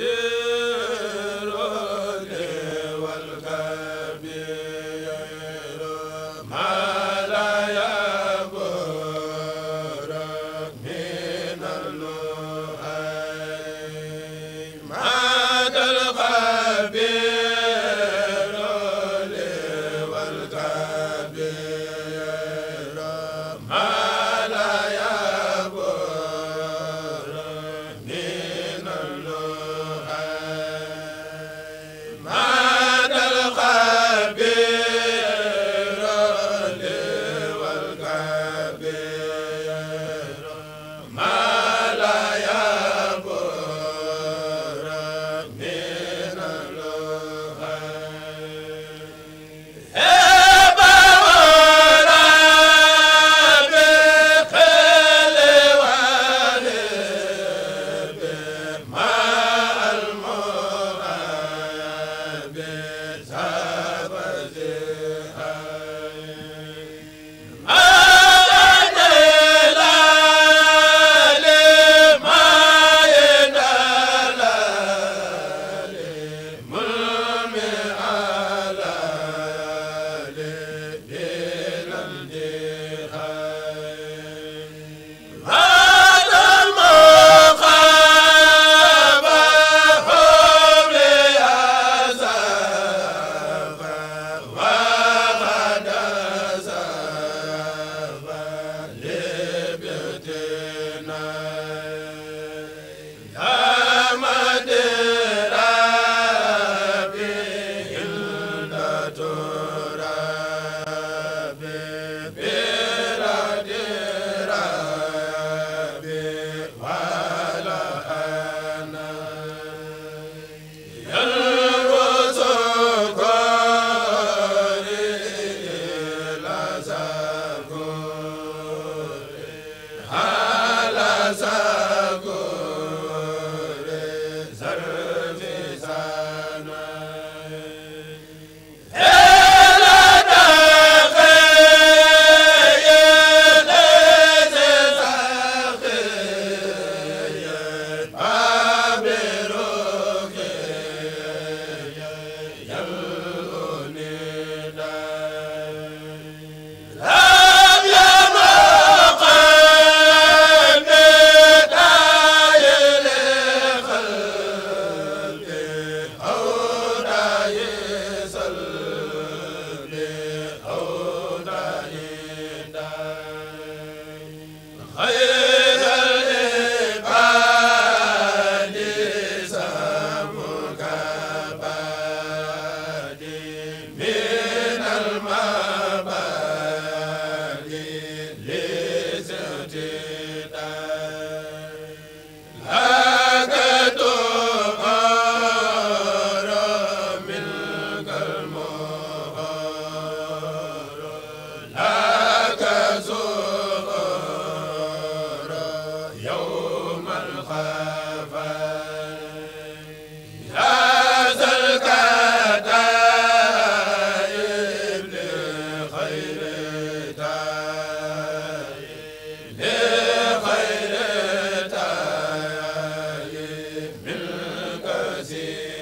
Yeah see